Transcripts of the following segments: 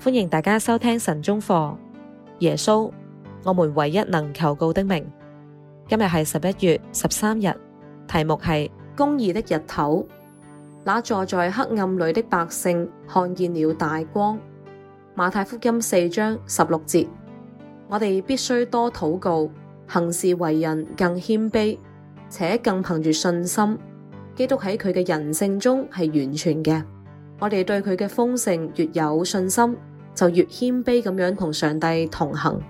.歡迎大家收聽晨鐘課耶穌，我們唯一能求告的名，今日係十一月十三日，題目係公義的日頭。那坐在黑暗裏的百姓看見了大光。馬太福音四章十六節。我哋必須多禱告，行事為人更謙卑，且更憑住信心，基督喺佢嘅人性中係完全嘅。我哋對佢嘅豐盛越有信心，就越謙卑咁樣同上帝同行。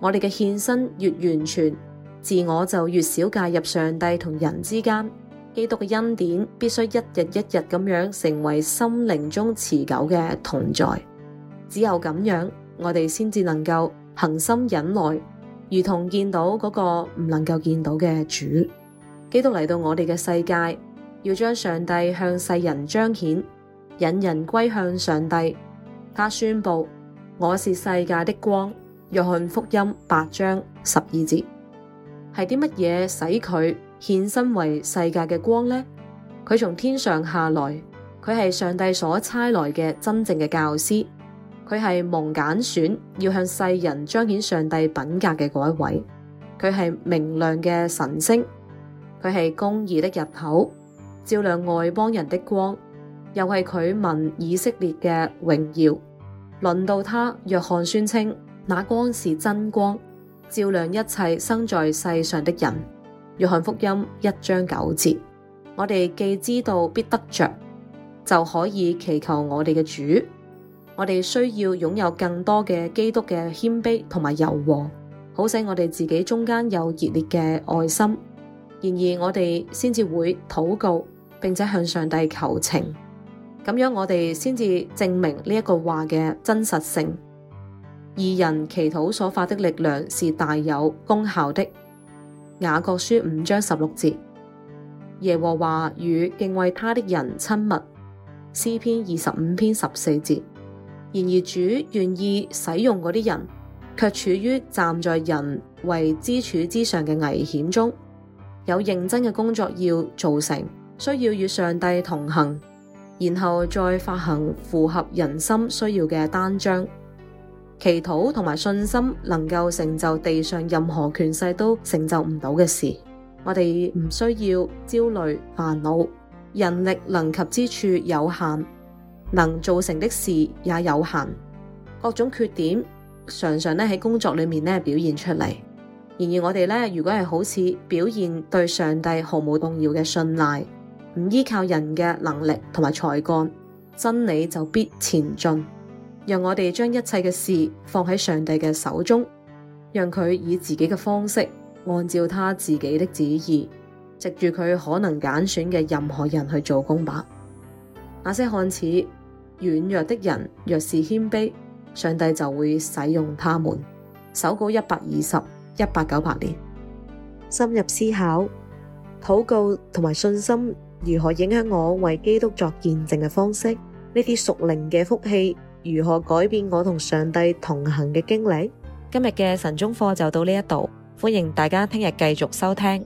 我哋嘅獻身越完全，自我就越少介入上帝同人之間。基督嘅恩典必須一日一日咁樣成為心靈中持久嘅同在。只有咁樣，我哋先至能夠恒心忍耐，如同見到嗰個唔能夠見到嘅主。基督嚟到我哋嘅世界，要將上帝向世人彰顯。引人歸向上帝。他宣布：我是世界的光。約翰福音八章十二節，係啲乜嘢使佢獻身為世界嘅光呢？佢從天上下來，佢係上帝所差來嘅真正嘅教師。佢係蒙揀選要向世人彰顯上帝品格嘅嗰一位。佢係明亮嘅晨星，佢係公義的日頭，照亮外邦人的光。又係佢民以色列嘅榮耀，輪到他。約翰宣稱那光是真光，照亮一切生在世上的人。約翰福音一章九節。我哋既知道必得着，就可以祈求我哋嘅主。我哋需要擁有更多嘅基督嘅謙卑同埋柔和，好使我哋自己中間有熱烈嘅愛心。然而，我哋先至會禱告，並且向上帝求情。咁樣我哋先至證明呢一句話嘅真實性。義人祈禱所發的力量是大有功效的。雅各書五章十六節。耶和華與敬畏他的人親密。詩篇二十五篇十四節。然而主願意使用嗰啲人，卻處於站在人為支柱之上嘅危險中，有認真嘅工作要做成，需要與上帝同行。然後再發行符合人心需要嘅單張，祈禱同埋信心能夠成就地上任何權勢都成就唔到嘅事。我哋唔需要焦慮煩惱，人力能及之處有限，能做成的事也有限。各種缺點常常咧喺工作裏面咧表現出嚟。然而我哋咧，如果係好似表現對上帝毫無動搖嘅信賴。唔依靠人嘅能力同埋才幹，真理就必前進。讓我哋將一切嘅事放喺上帝嘅手中，讓佢以自己嘅方式，按照他自己的旨意，藉住佢可能揀選嘅任何人去做工吧。那些看似軟弱的人，若是謙卑，上帝就會使用他們。手稿一百二十一八九八年，深入思考、禱告同埋信心。如何影響我為基督作見證嘅方式？呢啲屬靈嘅福氣如何改變我同上帝同行嘅經歷？今日嘅晨鐘課就到呢一度，歡迎大家聽日繼續收聽。